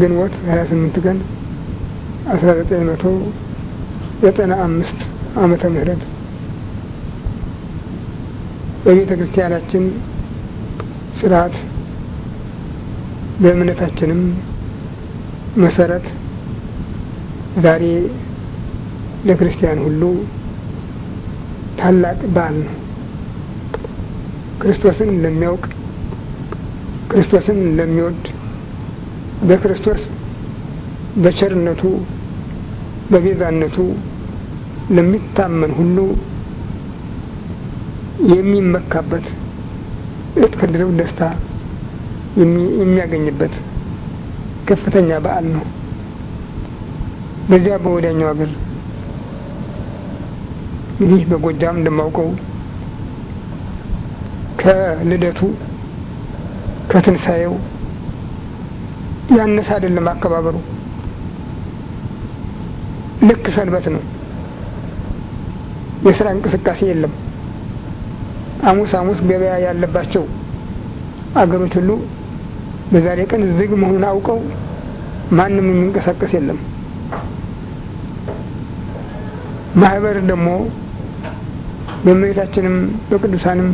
ግንቦት 28 ቀን 1995 ዓመተ ምህረት በቤተ ክርስቲያናችን ስርዓት በእምነታችንም መሰረት ዛሬ ለክርስቲያን ሁሉ ታላቅ በዓል ነው። ክርስቶስን ለሚያውቅ ክርስቶስን ለሚወድ በክርስቶስ በቸርነቱ በቤዛነቱ ለሚታመን ሁሉ የሚመካበት እጥፍ ድርብ ደስታ የሚያገኝበት ከፍተኛ በዓል ነው። በዚያ በወዲያኛው ሀገር እንግዲህ በጎጃም እንደማውቀው ከልደቱ ከትንሣኤው ያነሰ አይደለም አከባበሩ ልክ ሰንበት ነው የስራ እንቅስቃሴ የለም አሙስ አሙስ ገበያ ያለባቸው አገሮች ሁሉ በዛሬ ቀን ዝግ መሆኑን አውቀው ማንም የሚንቀሳቀስ የለም ማህበር ደግሞ በመቤታችንም በቅዱሳንም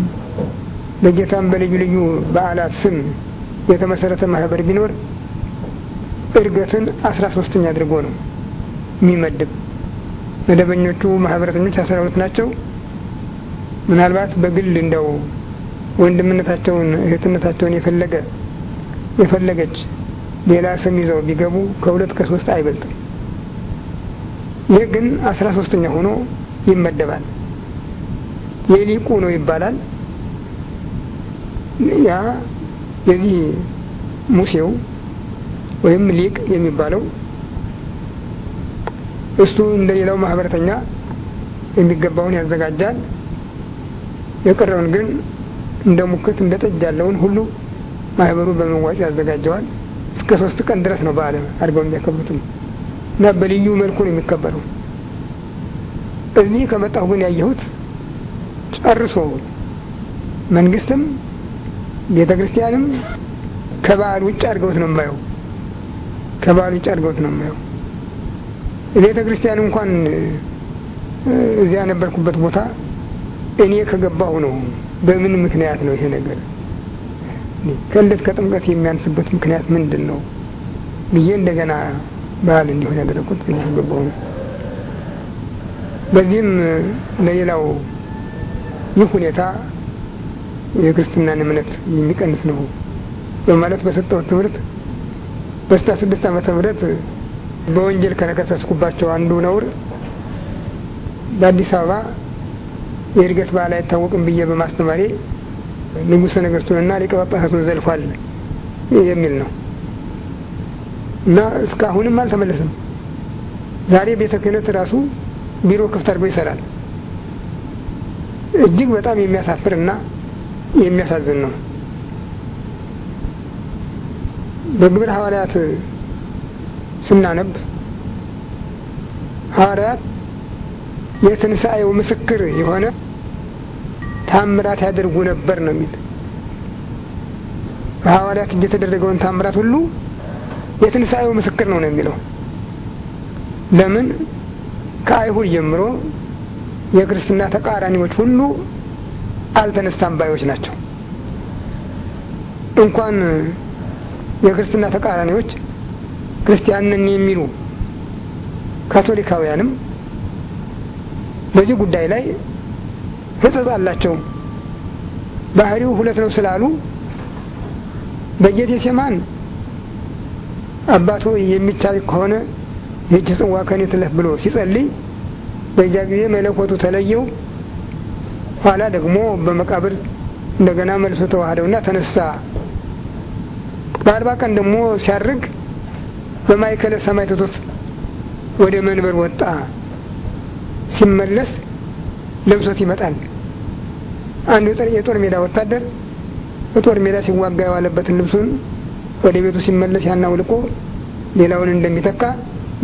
በጌታም በልዩ ልዩ በዓላት ስም የተመሰረተ ማህበር ቢኖር እርገትን አስራ ሶስተኛ አድርጎ ነው የሚመድብ። መደበኞቹ ማህበረተኞች አስራ ሁለት ናቸው። ምናልባት በግል እንደው ወንድምነታቸውን እህትነታቸውን የፈለገ የፈለገች ሌላ ስም ይዘው ቢገቡ ከሁለት ከሶስት አይበልጥም። ይህ ግን አስራ ሶስተኛ ሆኖ ይመደባል። የሊቁ ነው ይባላል። ያ የዚህ ሙሴው ወይም ሊቅ የሚባለው እሱ እንደሌላው ማህበረተኛ የሚገባውን ያዘጋጃል። የቀረውን ግን እንደ ሙክት እንደ ጠጅ ያለውን ሁሉ ማህበሩ በመዋጮ ያዘጋጀዋል። እስከ ሶስት ቀን ድረስ ነው በዓል አድርገው የሚያከብሩትም እና በልዩ መልኩ ነው የሚከበረው። እዚህ ከመጣሁ ግን ያየሁት ጨርሶ መንግስትም ቤተ ክርስቲያንም ከበዓል ውጭ አድርገውት ነው የማየው። ከባህል ውጭ አድገውት ነው የማየው። ቤተ ክርስቲያን እንኳን እዚያ ነበርኩበት ቦታ እኔ ከገባሁ ነው። በምን ምክንያት ነው ይሄ ነገር ከልደት ከጥምቀት የሚያንስበት ምክንያት ምንድን ነው ብዬ እንደገና ባህል እንዲሆን ያደረኩት እኔ ነው። በዚህም ለሌላው ይህ ሁኔታ የክርስትናን እምነት የሚቀንስ ነው በማለት በሰጠው ትምህርት በስተ ስድስት ዓመተ ምህረት በወንጀል ከተከሰስኩባቸው አንዱ ነውር በአዲስ አበባ የእድገት ባህል አይታወቅም ብዬ በማስተማሪ ንጉሠ ነገሥቱንና ሊቀ ጳጳሳቱን ዘልፏል የሚል ነው እና እስካሁንም አልተመለሰም። ዛሬ ቤተ ክህነት ራሱ ቢሮ ክፍት አድርጎ ይሰራል። እጅግ በጣም የሚያሳፍርና የሚያሳዝን ነው። በግብረ ሐዋርያት ስናነብ ሐዋርያት የትንሣኤው ምስክር የሆነ ታምራት ያደርጉ ነበር ነው የሚል በሐዋርያት እጅ የተደረገውን ታምራት ሁሉ የትንሣኤው ምስክር ነው ነው የሚለው ለምን ከአይሁድ ጀምሮ የክርስትና ተቃራኒዎች ሁሉ አልተነሳም ባዮች ናቸው እንኳን የክርስትና ተቃራኒዎች ክርስቲያንን የሚሉ ካቶሊካውያንም በዚህ ጉዳይ ላይ ህጸጽ አላቸው። ባህሪው ሁለት ነው ስላሉ በጌቴሴማን አባቶ የሚቻል ከሆነ ይህች ጽዋ ከኔ ትለፍ ብሎ ሲጸልይ በዚያ ጊዜ መለኮቱ ተለየው። ኋላ ደግሞ በመቃብር እንደገና መልሶ ተዋህደውና ተነሳ በአርባ ቀን ደግሞ ሲያርግ በማይከለ ሰማይ ትቶት ወደ መንበር ወጣ። ሲመለስ ለብሶት ይመጣል። አንዱ የጦር ሜዳ ወታደር በጦር ሜዳ ሲዋጋ የዋለበትን ልብሱን ወደ ቤቱ ሲመለስ ያን አውልቆ ሌላውን እንደሚተካ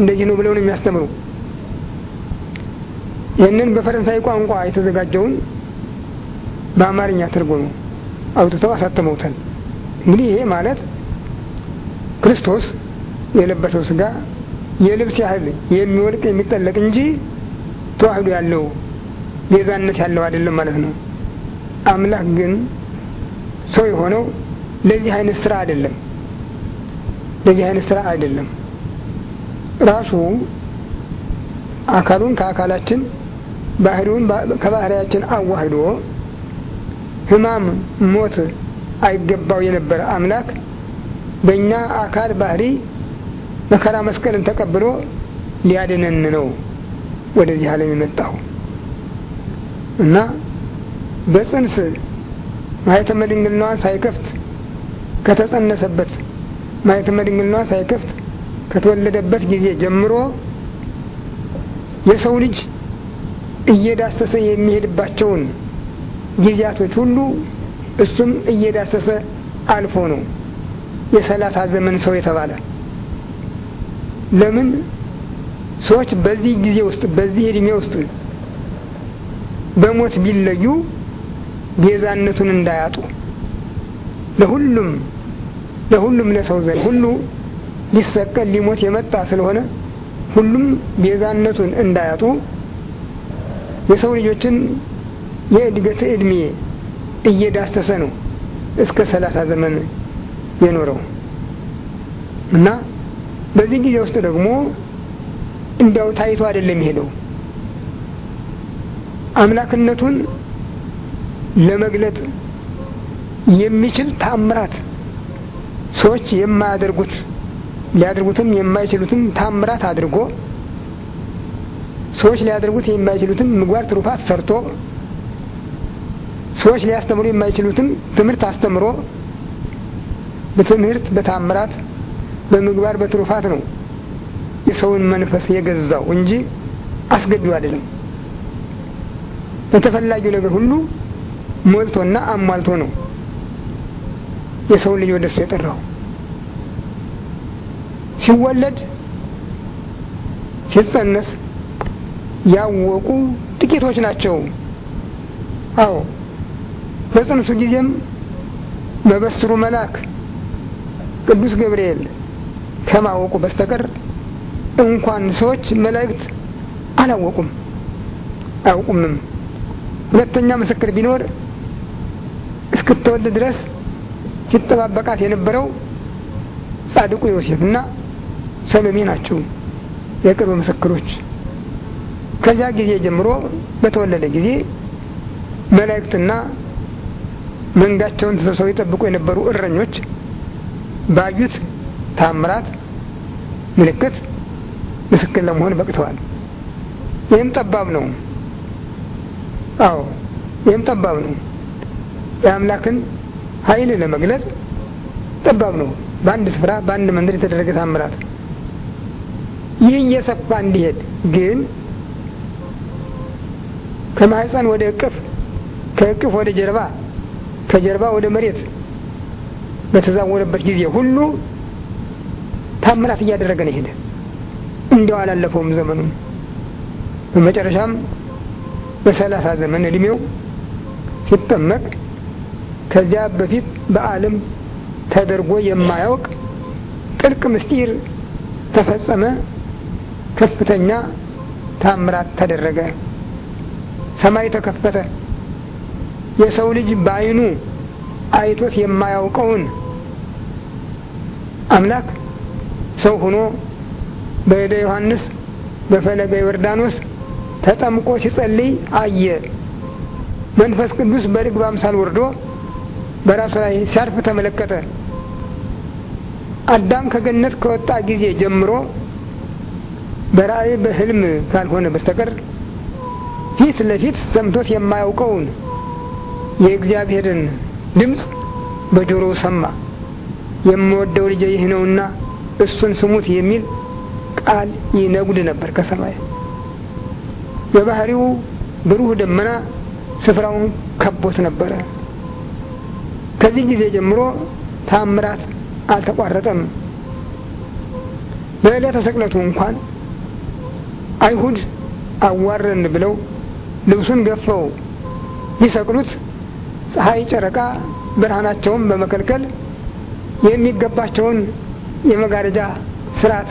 እንደዚህ ነው ብለው ነው የሚያስተምሩ። ይህንን በፈረንሳይ ቋንቋ የተዘጋጀውን በአማርኛ ትርጉሙ አውጥተው አሳተመውታል። እንግዲህ ይሄ ማለት ክርስቶስ የለበሰው ስጋ የልብስ ያህል የሚወልቅ የሚጠለቅ እንጂ ተዋህዶ ያለው ቤዛነት ያለው አይደለም ማለት ነው። አምላክ ግን ሰው የሆነው ለዚህ አይነት ስራ አይደለም፣ ለዚህ አይነት ስራ አይደለም። ራሱ አካሉን ከአካላችን ባህሪውን ከባህሪያችን አዋህዶ ሕማም ሞት አይገባው የነበረ አምላክ በእኛ አካል ባህሪ መከራ መስቀልን ተቀብሎ ሊያድነን ነው ወደዚህ ዓለም የመጣው እና በጽንስ ማየተ መድንግልናዋን ሳይከፍት ከተጸነሰበት ማየተ መድንግልናዋ ሳይከፍት ከተወለደበት ጊዜ ጀምሮ የሰው ልጅ እየዳሰሰ የሚሄድባቸውን ጊዜያቶች ሁሉ እሱም እየዳሰሰ አልፎ ነው የሰላሳ ዘመን ሰው የተባለ ለምን ሰዎች በዚህ ጊዜ ውስጥ በዚህ እድሜ ውስጥ በሞት ቢለዩ ቤዛነቱን እንዳያጡ ለሁሉም ለሁሉም ለሰው ዘንድ ሁሉ ሊሰቀል ሊሞት የመጣ ስለሆነ ሁሉም ቤዛነቱን እንዳያጡ የሰው ልጆችን የእድገት እድሜ እየዳሰሰ ነው እስከ ሰላሳ ዘመን የኖረው እና በዚህ ጊዜ ውስጥ ደግሞ እንዲያው ታይቶ አይደለም የሄደው አምላክነቱን ለመግለጥ የሚችል ታምራት ሰዎች የማያደርጉት ሊያደርጉትም የማይችሉትም ታምራት አድርጎ ሰዎች ሊያደርጉት የማይችሉትም ምግባር ትሩፋት ሰርቶ ሰዎች ሊያስተምሩ የማይችሉትም ትምህርት አስተምሮ በትምህርት በታምራት በምግባር በትሩፋት ነው የሰውን መንፈስ የገዛው እንጂ አስገድዶ አይደለም። በተፈላጊው ነገር ሁሉ ሞልቶና አሟልቶ ነው የሰውን ልጅ ወደሱ የጠራው። ሲወለድ ሲጸነስ ያወቁ ጥቂቶች ናቸው። አዎ በጽንሱ ጊዜም በበስሩ መልአክ ቅዱስ ገብርኤል ከማወቁ በስተቀር እንኳን ሰዎች መላእክት አላወቁም አያውቁምም። ሁለተኛ ምስክር ቢኖር እስክትወልድ ድረስ ሲጠባበቃት የነበረው ጻድቁ ዮሴፍ እና ሰሎሜ ናቸው የቅርብ ምስክሮች። ከዚያ ጊዜ ጀምሮ በተወለደ ጊዜ መላእክትና መንጋቸውን ተሰብስበው ይጠብቁ የነበሩ እረኞች ባዩት ታምራት ምልክት ምስክር ለመሆን በቅተዋል። ይህም ጠባብ ነው። አዎ ይህም ጠባብ ነው። የአምላክን ኃይል ለመግለጽ ጠባብ ነው። በአንድ ስፍራ በአንድ መንደር የተደረገ ታምራት ይህ እየሰፋ እንዲሄድ ግን ከማህፀን ወደ እቅፍ፣ ከእቅፍ ወደ ጀርባ፣ ከጀርባ ወደ መሬት በተዛወረበት ጊዜ ሁሉ ታምራት እያደረገ ነው ሄደ። እንዲያው አላለፈውም ዘመኑን። በመጨረሻም በሰላሳ ዘመን እድሜው ሲጠመቅ ከዚያ በፊት በዓለም ተደርጎ የማያውቅ ጥልቅ ምስጢር ተፈጸመ። ከፍተኛ ታምራት ተደረገ። ሰማይ ተከፈተ። የሰው ልጅ በአይኑ አይቶት የማያውቀውን አምላክ ሰው ሆኖ በእደ ዮሐንስ በፈለገ ዮርዳኖስ ተጠምቆ ሲጸልይ አየ። መንፈስ ቅዱስ በልግ በአምሳል ወርዶ በራሱ ላይ ሲያርፍ ተመለከተ። አዳም ከገነት ከወጣ ጊዜ ጀምሮ በራእይ በህልም ካልሆነ በስተቀር ፊት ለፊት ሰምቶት የማያውቀውን የእግዚአብሔርን ድምፅ በጆሮው ሰማ። የምወደው ልጅ ይህ ነውና እሱን ስሙት የሚል ቃል ይነጉድ ነበር ከሰማይ። የባህሪው ብሩህ ደመና ስፍራውን ከቦት ነበረ። ከዚህ ጊዜ ጀምሮ ታምራት አልተቋረጠም። በዕለተ ስቅለቱ እንኳን አይሁድ አዋረን ብለው ልብሱን ገፈው ቢሰቅሉት ፀሐይ፣ ጨረቃ ብርሃናቸውን በመከልከል የሚገባቸውን የመጋረጃ ስርዓት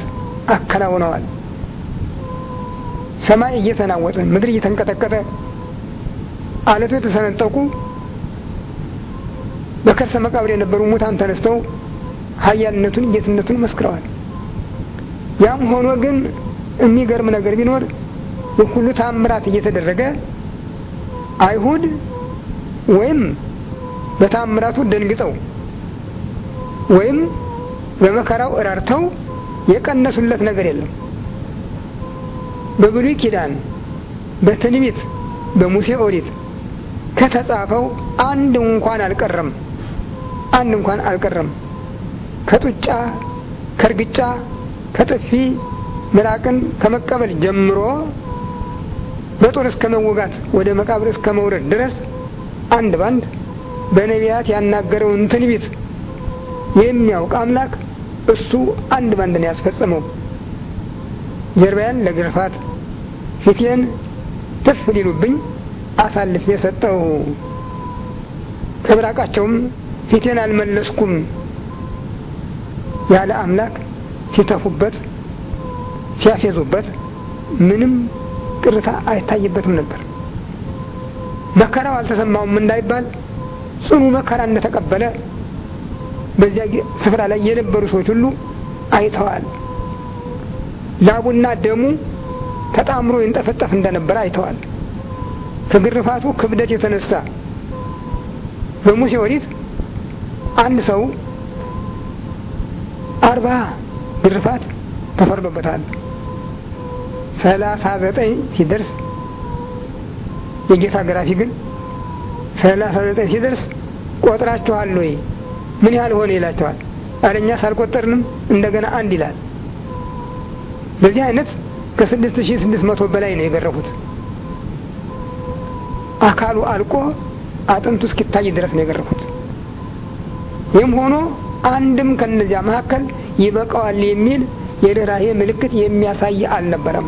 አከናውነዋል። ሰማይ እየተናወጠ ምድር እየተንቀጠቀጠ አለቱ የተሰነጠቁ በከርሰ መቃብር የነበሩ ሙታን ተነስተው ኃያልነቱን ጌትነቱን መስክረዋል። ያም ሆኖ ግን የሚገርም ነገር ቢኖር የሁሉ ታምራት እየተደረገ አይሁድ ወይም በታምራቱ ደንግጠው ወይም በመከራው እራርተው የቀነሱለት ነገር የለም። በብሉይ ኪዳን በትንቢት በሙሴ ኦሪት ከተጻፈው አንድ እንኳን አልቀረም። አንድ እንኳን አልቀረም። ከጡጫ ከእርግጫ፣ ከጥፊ ምራቅን ከመቀበል ጀምሮ በጦር እስከ መወጋት ወደ መቃብር እስከ መውረድ ድረስ አንድ ባንድ በነቢያት ያናገረውን ትንቢት የሚያውቅ አምላክ እሱ አንድ ባንድን ያስፈጸመው ጀርባያን ለግርፋት ፊቴን ትፍ ሊሉብኝ አሳልፍ የሰጠው ከብራቃቸውም ፊቴን አልመለስኩም ያለ አምላክ ሲተፉበት ሲያፌዙበት ምንም ቅርታ አይታይበትም ነበር። መከራው አልተሰማውም እንዳይባል ጽኑ መከራ እንደተቀበለ በዚያ ስፍራ ላይ የነበሩ ሰዎች ሁሉ አይተዋል። ላቡና ደሙ ተጣምሮ ይንጠፈጠፍ እንደነበረ አይተዋል። ከግርፋቱ ክብደት የተነሳ በሙሴ ኦሪት አንድ ሰው አርባ ግርፋት ተፈርዶበታል። ሰላሳ ዘጠኝ ሲደርስ የጌታ ግራፊ ግን ሰላሳ ዘጠኝ ሲደርስ ቆጥራችኋል ወይ ምን ያህል ሆነ ይላቸዋል። አረኛ ሳልቆጠርንም እንደገና አንድ ይላል። በዚህ አይነት ከስድስት ሺህ ስድስት መቶ በላይ ነው የገረፉት። አካሉ አልቆ አጥንቱ እስኪታይ ድረስ ነው የገረፉት። ይህም ሆኖ አንድም ከነዚያ መካከል ይበቃዋል የሚል የርኅራሄ ምልክት የሚያሳይ አልነበረም።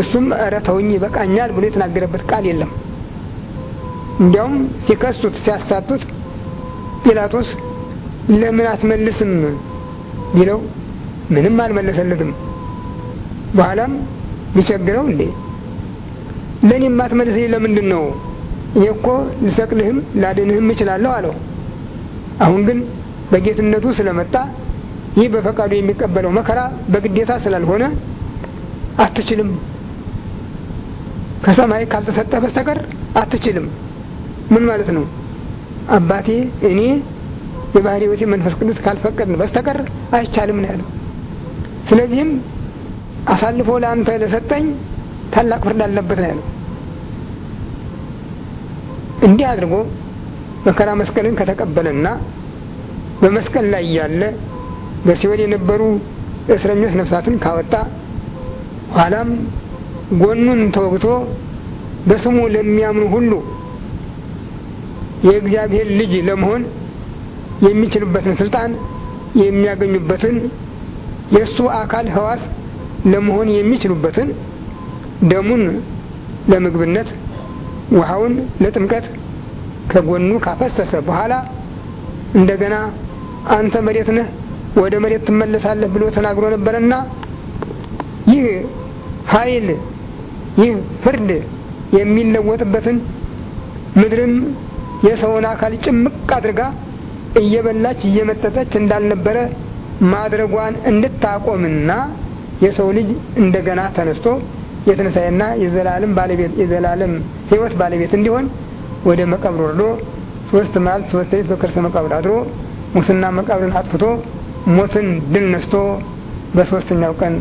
እሱም እረ ተውኝ ይበቃኛል ብሎ የተናገረበት ቃል የለም። እንዲያውም ሲከሱት ሲያሳቱት ጲላጦስ ለምን አትመልስም ቢለው ምንም አልመለሰለትም። በኋላም ቢቸግረው እንዴ ለእኔ የማትመልስልኝ ለምንድን ነው? እኔ እኮ ልሰቅልህም ላድንህም እችላለሁ አለው። አሁን ግን በጌትነቱ ስለመጣ ይህ በፈቃዱ የሚቀበለው መከራ በግዴታ ስላልሆነ አትችልም፣ ከሰማይ ካልተሰጠ በስተቀር አትችልም። ምን ማለት ነው? አባቴ እኔ የባህር ህይወቴ መንፈስ ቅዱስ ካልፈቀድን በስተቀር አይቻልም ነው ያለው። ስለዚህም አሳልፎ ለአንተ ለሰጠኝ ታላቅ ፍርድ አለበት ነው ያለው። እንዲህ አድርጎ መከራ መስቀልን ከተቀበለና በመስቀል ላይ ያለ በሲኦል የነበሩ እስረኞች ነፍሳትን ካወጣ ኋላም ጎኑን ተወግቶ በስሙ ለሚያምኑ ሁሉ የእግዚአብሔር ልጅ ለመሆን የሚችሉበትን ስልጣን የሚያገኙበትን የእሱ አካል ህዋስ ለመሆን የሚችሉበትን ደሙን ለምግብነት ውሃውን ለጥምቀት ከጎኑ ካፈሰሰ በኋላ እንደገና አንተ መሬት ነህ ወደ መሬት ትመለሳለህ ብሎ ተናግሮ ነበረና ይህ ኃይል ይህ ፍርድ የሚለወጥበትን ምድርም የሰውን አካል ጭምቅ አድርጋ እየበላች እየመጠጠች እንዳልነበረ ማድረጓን እንድታቆምና የሰው ልጅ እንደገና ተነስቶ የትንሳኤና የዘላለም ባለቤት የዘላለም ሕይወት ባለቤት እንዲሆን ወደ መቃብር ወርዶ ሶስት መዓልት ሶስት ሌሊት በከርሰ መቃብር አድሮ ሙስና መቃብርን አጥፍቶ ሞትን ድል ነስቶ በሶስተኛው ቀን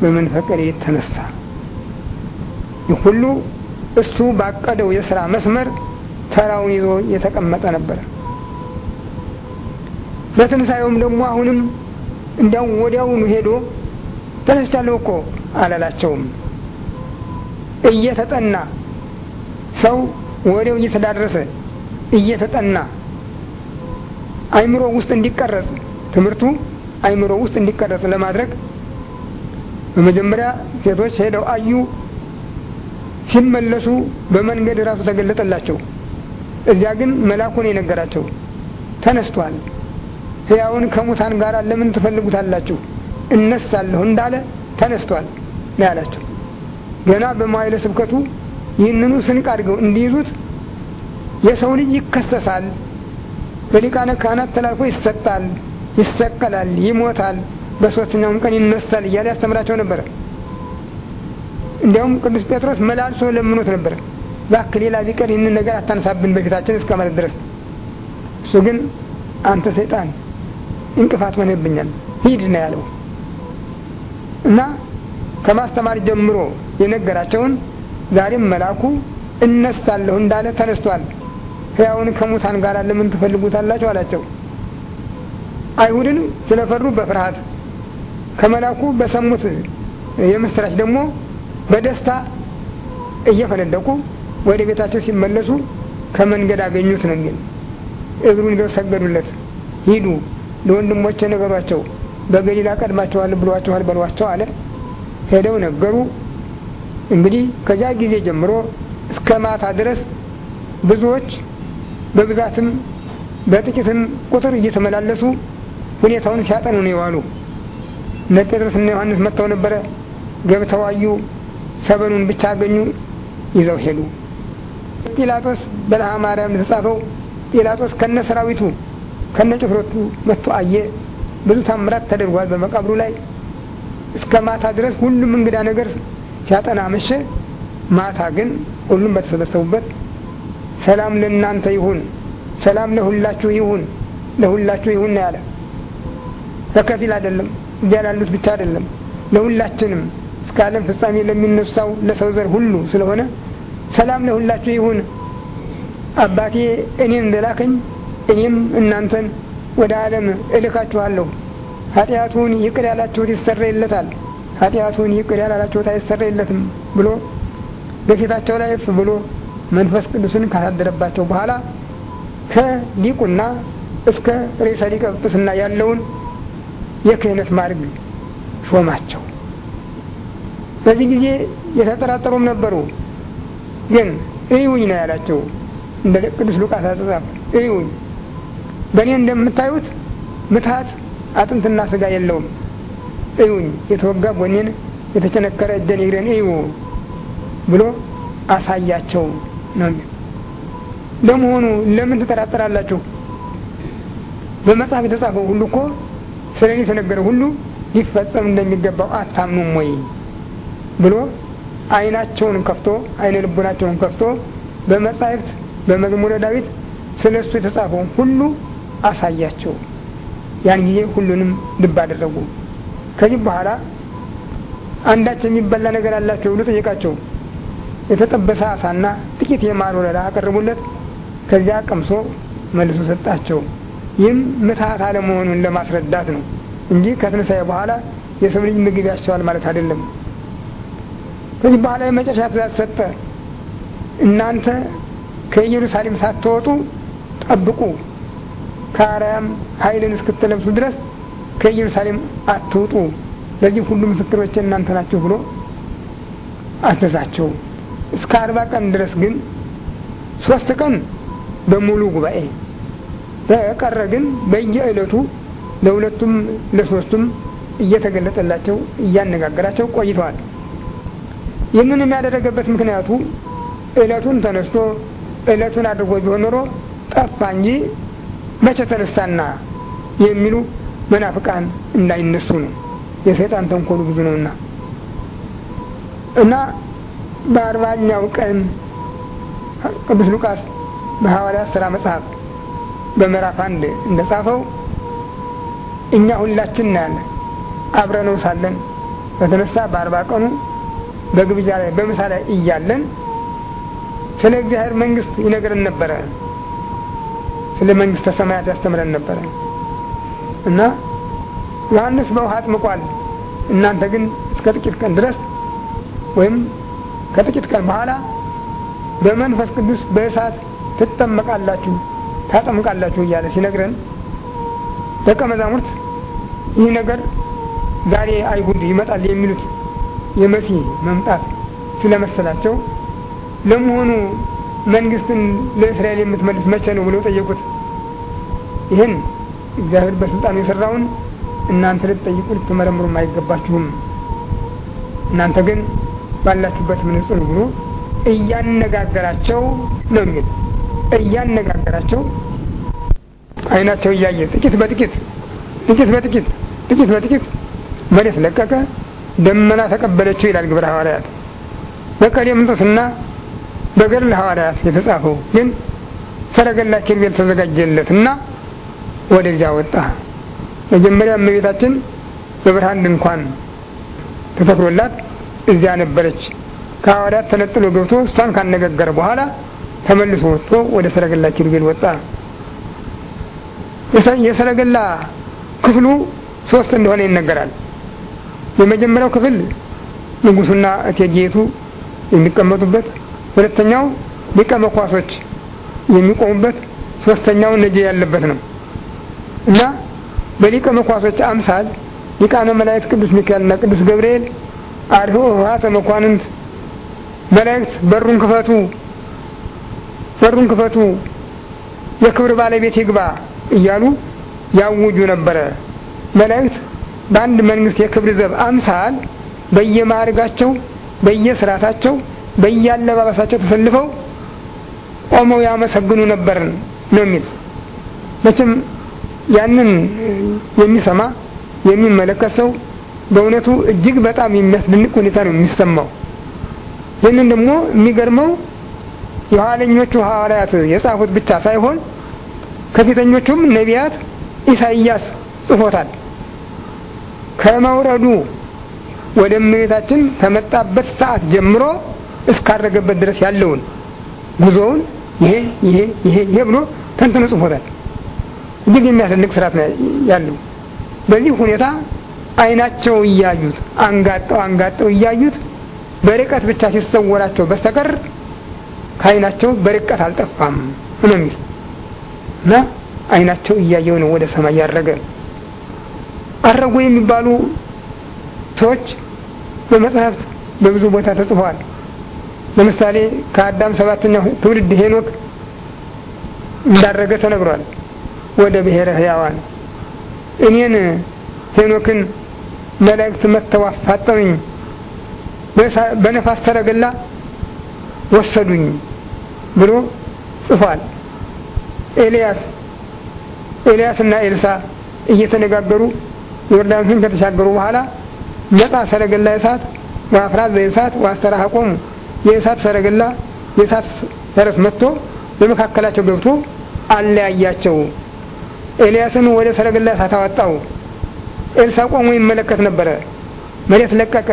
በመንፈቀ ሌሊት ተነሳ። ይህ ሁሉ እሱ ባቀደው የስራ መስመር ተራውን ይዞ የተቀመጠ ነበረ። በትንሣኤውም ደግሞ አሁንም እንዲያውም ወዲያውኑ ሄዶ ተነስቻለሁ እኮ አላላቸውም። እየተጠና ሰው ወዲያው እየተዳረሰ እየተጠና አይምሮ ውስጥ እንዲቀረጽ ትምህርቱ አይምሮ ውስጥ እንዲቀረጽ ለማድረግ በመጀመሪያ ሴቶች ሄደው አዩ። ሲመለሱ በመንገድ ራሱ ተገለጠላቸው። እዚያ ግን መላኩን የነገራቸው ተነስቷል፣ ህያውን ከሙታን ጋር ለምን ትፈልጉታላችሁ? እነሳለሁ እንዳለ ተነስቷል ነው ያላቸው። ገና በማይለ ስብከቱ ይህንኑ ስንቅ አድርገው እንዲይዙት የሰው ልጅ ይከሰሳል፣ በሊቃነ ካህናት ተላልፎ ይሰጣል፣ ይሰቀላል፣ ይሞታል፣ በሶስተኛውም ቀን ይነሳል እያለ ያስተምራቸው ነበረ። እንዲያውም ቅዱስ ጴጥሮስ መላልሶ ለምኖት ነበረ። ባክ ሌላ ቢቀር ይህንን ነገር አታነሳብን በፊታችን እስከ ማለት ድረስ እሱ ግን አንተ ሰይጣን እንቅፋት ሆነብኛል ሂድ ነው ያለው እና ከማስተማር ጀምሮ የነገራቸውን ዛሬም መላኩ እነሳለሁ እንዳለ ተነስቷል ህያውን ከሙታን ጋር ለምን ትፈልጉታላችሁ አላቸው አይሁድን ስለፈሩ በፍርሃት ከመላኩ በሰሙት የምስራች ደግሞ በደስታ እየፈነደቁ ወደ ቤታቸው ሲመለሱ ከመንገድ አገኙት ነው የሚል እግሩን ይዘው ሰገዱለት። ሂዱ ለወንድሞቼ ነገሯቸው፣ በገሊላ ቀድማቸዋል ብሏቸዋል በሏቸው አለ። ሄደው ነገሩ። እንግዲህ ከዚያ ጊዜ ጀምሮ እስከ ማታ ድረስ ብዙዎች በብዛትም በጥቂትም ቁጥር እየተመላለሱ ሁኔታውን ሲያጠኑ ነው የዋሉ። እነ ጴጥሮስና ዮሐንስ መጥተው ነበረ። ገብተው አዩ። ሰበኑን ብቻ አገኙ። ይዘው ሄዱ። ጲላጦስ በለሃ ማርያም የተጻፈው ጲላጦስ ከነ ሰራዊቱ ከነ ጭፍሮቱ መጥቶ አየ። ብዙ ታምራት ተደርጓል በመቃብሩ ላይ። እስከ ማታ ድረስ ሁሉም እንግዳ ነገር ሲያጠና መሸ። ማታ ግን ሁሉም በተሰበሰቡበት ሰላም ለእናንተ ይሁን፣ ሰላም ለሁላችሁ ይሁን፣ ለሁላችሁ ይሁን ነው ያለ። በከፊል አይደለም፣ እዚያ ላሉት ብቻ አይደለም፣ ለሁላችንም እስከ ዓለም ፍጻሜ ለሚነሳው ለሰው ዘር ሁሉ ስለሆነ ሰላም ለሁላችሁ ይሁን አባቴ እኔን እንደላከኝ እኔም እናንተን ወደ ዓለም እልካችኋለሁ ኃጢአቱን ይቅር ያላችሁት ይሰረይለታል ኃጢአቱን ይቅር ያላላችሁት አይሰረይለትም ብሎ በፊታቸው ላይ እፍ ብሎ መንፈስ ቅዱስን ካሳደረባቸው በኋላ ከሊቁና እስከ ሬሰ ሊቀ ጵጵስና ያለውን የክህነት ማርግ ሾማቸው። በዚህ ጊዜ የተጠራጠሩም ነበሩ። ግን እዩኝ ነው ያላቸው። እንደ ቅዱስ ሉቃስ አጻጻፍ እዩኝ፣ በእኔ እንደምታዩት ምታት አጥንትና ስጋ የለውም። እዩኝ፣ የተወጋ ጎኔን፣ የተቸነከረ እጀን፣ እግሬን እዩ ብሎ አሳያቸው ነው። ለመሆኑ ለምን ትጠራጠራላችሁ? በመጽሐፍ የተጻፈው ሁሉ እኮ ስለ እኔ የተነገረ ሁሉ ሊፈጸም እንደሚገባው አታምኑም ወይ ብሎ አይናቸውን ከፍቶ አይነ ልቡናቸውን ከፍቶ በመጻሕፍት በመዝሙረ ዳዊት ስለ እሱ የተጻፈውን ሁሉ አሳያቸው። ያን ጊዜ ሁሉንም ልብ አደረጉ። ከዚህ በኋላ አንዳች የሚበላ ነገር አላቸው ብሎ ጠየቃቸው። የተጠበሰ አሳና ጥቂት የማር ወለላ አቀረቡለት። ከዚያ ቀምሶ መልሶ ሰጣቸው። ይህም ምትሃት አለመሆኑን ለማስረዳት ነው እንጂ ከትንሣኤ በኋላ የሰው ልጅ ምግብ ያስቸዋል ማለት አይደለም። ስለዚህ ባህላዊ መጨረሻ ትእዛዝ ሰጠ። እናንተ ከኢየሩሳሌም ሳትወጡ ጠብቁ፣ ከአርያም ኃይልን እስክትለብሱ ድረስ ከኢየሩሳሌም አትውጡ፣ ለዚህ ሁሉ ምስክሮች እናንተ ናቸው ብሎ አዘዛቸው። እስከ አርባ ቀን ድረስ ግን ሶስት ቀን በሙሉ ጉባኤ በቀረ ግን በየዕለቱ ለሁለቱም ለሶስቱም እየተገለጠላቸው እያነጋገራቸው ቆይተዋል። ይህንን የሚያደረገበት ምክንያቱ እለቱን ተነስቶ እለቱን አድርጎ ቢሆን ኖሮ ጠፋ እንጂ መቼ ተነሳና የሚሉ መናፍቃን እንዳይነሱ ነው። የሰይጣን ተንኮሉ ብዙ ነውና እና በአርባኛው ቀን ቅዱስ ሉቃስ በሐዋርያት ስራ መጽሐፍ በምዕራፍ አንድ እንደ ጻፈው እኛ ሁላችን እናያለን አብረነው ሳለን በተነሳ በአርባ ቀኑ በግብዣ ላይ በምሳ ላይ እያለን ስለ እግዚአብሔር መንግስት ይነግረን ነበረ። ስለ መንግስተ ሰማያት ያስተምረን ነበረ እና ዮሐንስ በውሃ አጥምቋል። እናንተ ግን እስከ ጥቂት ቀን ድረስ ወይም ከጥቂት ቀን በኋላ በመንፈስ ቅዱስ በእሳት ትጠመቃላችሁ፣ ታጠምቃላችሁ እያለ ሲነግረን ደቀ መዛሙርት ይህ ነገር ዛሬ አይሁድ ይመጣል የሚሉት የመሲህ መምጣት ስለመሰላቸው ለመሆኑ መንግስትን ለእስራኤል የምትመልስ መቼ ነው ብለው ጠየቁት። ይህን እግዚአብሔር በስልጣኑ የሰራውን እናንተ ልትጠይቁ ልትመረምሩም አይገባችሁም። እናንተ ግን ባላችሁበት ምንጹን ብሎ እያነጋገራቸው ነው የሚል እያነጋገራቸው አይናቸው እያየ ጥቂት በጥቂት ጥቂት በጥቂት ጥቂት በጥቂት መሬት ለቀቀ። ደመና ተቀበለችው ይላል ግብረ ሐዋርያት። በቀሌ ምንጦስና በገድለ ሐዋርያት የተጻፈው ግን ሰረገላ ኪሩቤል ተዘጋጀለት እና ወደዚያ ወጣ። መጀመሪያ እመቤታችን በብርሃን ድንኳን ተተክሎላት እዚያ ነበረች። ከሐዋርያት ተነጥሎ ገብቶ እሷን ካነጋገረ በኋላ ተመልሶ ወጥቶ ወደ ሰረገላ ኪሩቤል ወጣ። የሰረገላ ክፍሉ ሶስት እንደሆነ ይነገራል። የመጀመሪያው ክፍል ንጉሱና እቴጌቱ የሚቀመጡበት፣ ሁለተኛው ሊቀ መኳሶች የሚቆሙበት፣ ሶስተኛው ነጄ ያለበት ነው እና በሊቀ መኳሶች አምሳል ሊቃነ መላእክት ቅዱስ ሚካኤልና ቅዱስ ገብርኤል አርሆ ውሃተ መኳንንት መላእክት በሩን ክፈቱ በሩን ክፈቱ የክብር ባለቤት ይግባ እያሉ ያውጁ ነበረ። መላእክት በአንድ መንግስት የክብር ዘብ አምሳል በየማዕርጋቸው በየስርዓታቸው በየአለባበሳቸው ተሰልፈው ቆመው ያመሰግኑ ነበር ነው የሚል መቼም ያንን የሚሰማ የሚመለከት ሰው በእውነቱ እጅግ በጣም የሚያስደንቅ ሁኔታ ነው የሚሰማው። ይህንን ደግሞ የሚገርመው የኋለኞቹ ሐዋርያት የጻፉት ብቻ ሳይሆን ከፊተኞቹም ነቢያት ኢሳይያስ ጽፎታል። ከመውረዱ ወደ እመቤታችን ከመጣበት ሰዓት ጀምሮ እስካረገበት ድረስ ያለውን ጉዞውን ይሄ ይሄ ይሄ ይሄ ብሎ ተንተነ ጽፎታል። እጅግ የሚያስደንቅ ስርዓት ያለው በዚህ ሁኔታ አይናቸው እያዩት አንጋጠው አንጋጠው እያዩት በርቀት ብቻ ሲሰወራቸው በስተቀር ከአይናቸው በርቀት አልጠፋም ነው የሚል እና አይናቸው እያየው ነው ወደ ሰማይ ያረገ አረጉ የሚባሉ ሰዎች በመጽሐፍት በብዙ ቦታ ተጽፈዋል። ለምሳሌ ከአዳም ሰባተኛው ትውልድ ሄኖክ እንዳረገ ተነግሯል። ወደ ብሔረ ህያዋን እኔን ሄኖክን መላእክት መጥተው አፋጠኑኝ፣ በነፋስ ሰረገላ ወሰዱኝ ብሎ ጽፏል። ኤልያስ ኤልያስና ኤልሳ እየተነጋገሩ ዮርዳኖስን ከተሻገሩ በኋላ መጣ ሰረገላ እሳት ወአፍራዝ በእሳት ወአስተራሐቆሙ የእሳት ሰረገላ የእሳት ፈረስ መጥቶ በመካከላቸው ገብቶ አለያያቸው። ኤልያስን ወደ ሰረገላ እሳት አወጣው። ኤልሳ ቆሞ ይመለከት ነበረ። መሬት ለቀቀ።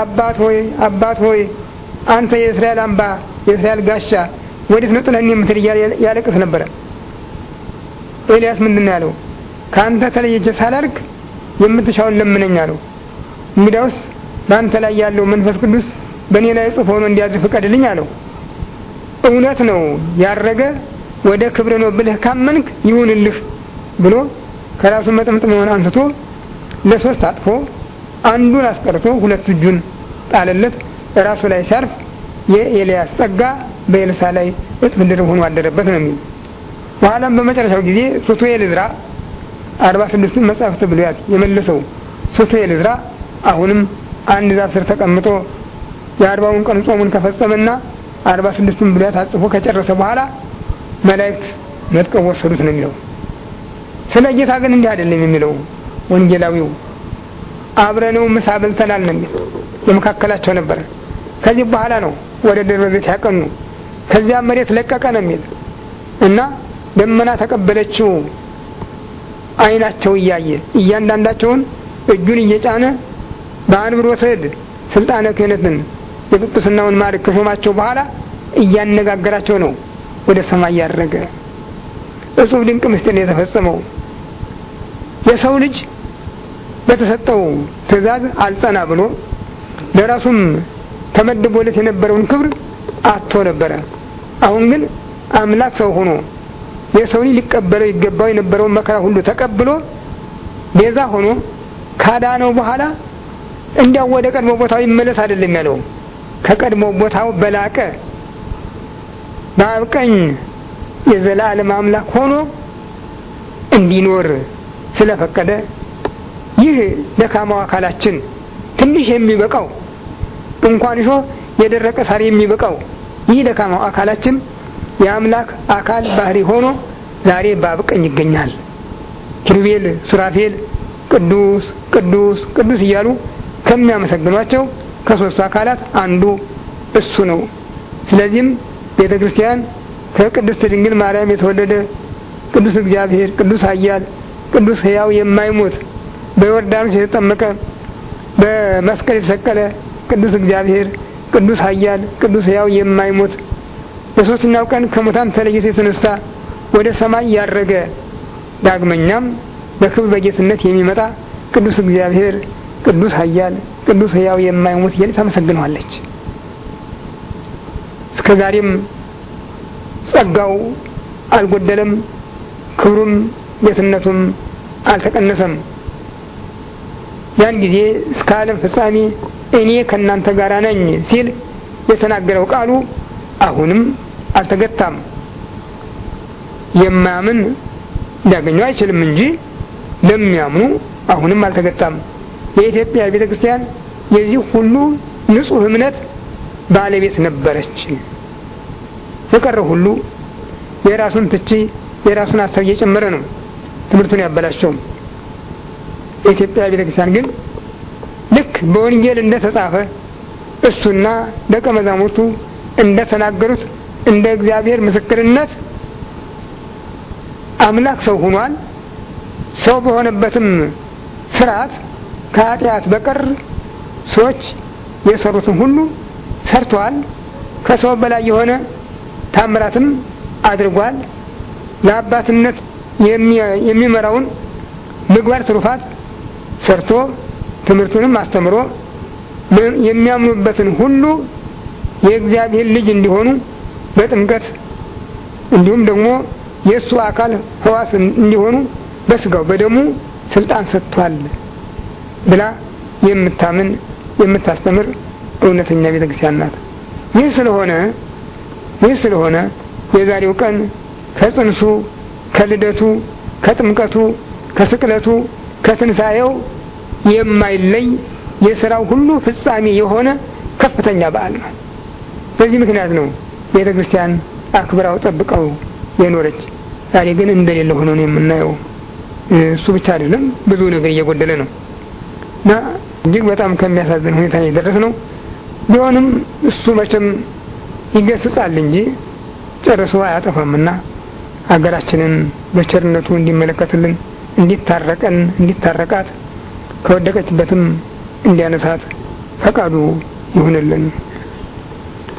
አባት ሆይ አባት ሆይ አንተ የእስራኤል አምባ የእስራኤል ጋሻ ወዴት ነው ጥለህን የምትል ያለቅስ ነበረ። ኤልያስ ምንድን ነው ያለው? ከአንተ ተለይቼ ሳላርግ የምትሻውን ለምነኝ አለው። እንግዲያውስ በአንተ ላይ ያለው መንፈስ ቅዱስ በእኔ ላይ ጽፎ ሆኖ እንዲያድር ፍቀድልኝ አለው። እውነት ነው ያረገ ወደ ክብር ነው ብለህ ካመንክ ይሁንልህ ብሎ ከራሱ መጠምጠም አንስቶ ለሶስት አጥፎ አንዱን አስቀርቶ ሁለት እጁን ጣለለት። ራሱ ላይ ሲያርፍ የኤልያስ ጸጋ በኤልሳ ላይ እጥፍ ድርብ ሆኖ አደረበት ነው የሚል። በኋላም በመጨረሻው ጊዜ ሱቱኤል ዕዝራ አርባ ስድስቱን መጽሐፍተ ብሉያት የመለሰው ፍትሄ ልዝራ አሁንም አንድ ዛፍ ስር ተቀምጦ የአርባውን ቀን ጾሙን ከፈጸመና አርባ ስድስቱን ብሉያት አጽፎ ከጨረሰ በኋላ መላእክት መጥቀው ወሰዱት ነው የሚለው። ስለ ጌታ ግን እንዲህ አይደለም የሚለው ወንጌላዊው። አብረነው ምሳ በልተናል ነው የመካከላቸው ነበረ። ከዚህ በኋላ ነው ወደ ደብረ ዘይት ያቀኑ። ከዚያ መሬት ለቀቀ ነው የሚል እና ደመና ተቀበለችው አይናቸው እያየ እያንዳንዳቸውን እጁን እየጫነ በአንብሮ እድ ስልጣነ ክህነትን የጵጵስናውን ማርክ ከሾማቸው በኋላ እያነጋገራቸው ነው ወደ ሰማይ ያረገ። እጹብ ድንቅ ምስጢር ነው የተፈጸመው። የሰው ልጅ በተሰጠው ትእዛዝ አልጸና ብሎ ለራሱም ተመድቦለት የነበረውን ክብር አጥቶ ነበረ። አሁን ግን አምላክ ሰው ሆኖ የሰው ልጅ ሊቀበለው ይገባው የነበረውን መከራ ሁሉ ተቀብሎ ቤዛ ሆኖ ካዳነው በኋላ እንዲያው ወደ ቀድሞ ቦታው ይመለስ አይደለም ያለው። ከቀድሞ ቦታው በላቀ በአብቀኝ የዘላለም አምላክ ሆኖ እንዲኖር ስለፈቀደ ይህ ደካማው አካላችን ትንሽ የሚበቃው እንኳን ሾ የደረቀ ሳር የሚበቃው ይህ ደካማው አካላችን የአምላክ አካል ባህሪ ሆኖ ዛሬ በአብቀኝ ይገኛል። ኪሩቤል፣ ሱራፌል ቅዱስ ቅዱስ ቅዱስ እያሉ ከሚያመሰግኗቸው ከሶስቱ አካላት አንዱ እሱ ነው። ስለዚህም ቤተ ክርስቲያን ከቅድስት ድንግል ማርያም የተወለደ ቅዱስ እግዚአብሔር፣ ቅዱስ ኃያል፣ ቅዱስ ሕያው የማይሞት በዮርዳኖስ የተጠመቀ በመስቀል የተሰቀለ ቅዱስ እግዚአብሔር፣ ቅዱስ ኃያል፣ ቅዱስ ሕያው የማይሞት በሶስተኛው ቀን ከሙታን ተለይቶ የተነሳ ወደ ሰማይ ያረገ ዳግመኛም በክብር በጌትነት የሚመጣ ቅዱስ እግዚአብሔር ቅዱስ ኃያል ቅዱስ ሕያው የማይሞት እያለች ታመሰግነዋለች። እስከ ዛሬም ጸጋው አልጎደለም፣ ክብሩም ጌትነቱም አልተቀነሰም። ያን ጊዜ እስከ ዓለም ፍጻሜ እኔ ከእናንተ ጋር ነኝ ሲል የተናገረው ቃሉ አሁንም አልተገታም። የማያምን ሊያገኘው አይችልም እንጂ ለሚያምኑ አሁንም አልተገታም። የኢትዮጵያ ቤተ ክርስቲያን የዚህ ሁሉ ንጹህ እምነት ባለቤት ነበረች። የቀረ ሁሉ የራሱን ትቺ፣ የራሱን ሀሳብ እየጨመረ ነው ትምህርቱን ያበላሸውም። የኢትዮጵያ ቤተ ክርስቲያን ግን ልክ በወንጌል እንደተጻፈ እሱና ደቀ መዛሙርቱ እንደተናገሩት እንደ እግዚአብሔር ምስክርነት አምላክ ሰው ሆኗል። ሰው በሆነበትም ስርዓት ከኃጢአት በቀር ሰዎች የሰሩትን ሁሉ ሰርተዋል። ከሰው በላይ የሆነ ታምራትም አድርጓል። ለአባትነት የሚመራውን ምግባር ትሩፋት ሰርቶ ትምህርቱንም አስተምሮ የሚያምኑበትን ሁሉ የእግዚአብሔር ልጅ እንዲሆኑ በጥምቀት እንዲሁም ደግሞ የእሱ አካል ህዋስ እንዲሆኑ በስጋው በደሙ ስልጣን ሰጥቷል ብላ የምታምን የምታስተምር እውነተኛ ቤተክርስቲያን ናት። ይህ ስለሆነ ይህ ስለሆነ የዛሬው ቀን ከጽንሱ ከልደቱ ከጥምቀቱ ከስቅለቱ ከትንሣኤው የማይለይ የስራው ሁሉ ፍጻሜ የሆነ ከፍተኛ በዓል ነው። በዚህ ምክንያት ነው ቤተ ክርስቲያን አክብራው ጠብቀው የኖረች። ዛሬ ግን እንደሌለ ሆኖ ነው የምናየው። እሱ ብቻ አይደለም ብዙ ነገር እየጎደለ ነው እና እጅግ በጣም ከሚያሳዝን ሁኔታ የደረስ ነው። ቢሆንም እሱ መቼም ይገስጻል እንጂ ጨርሶ አያጠፋምና ሀገራችንን በቸርነቱ እንዲመለከትልን፣ እንዲታረቀን፣ እንዲታረቃት ከወደቀችበትም እንዲያነሳት ፈቃዱ ይሁንልን።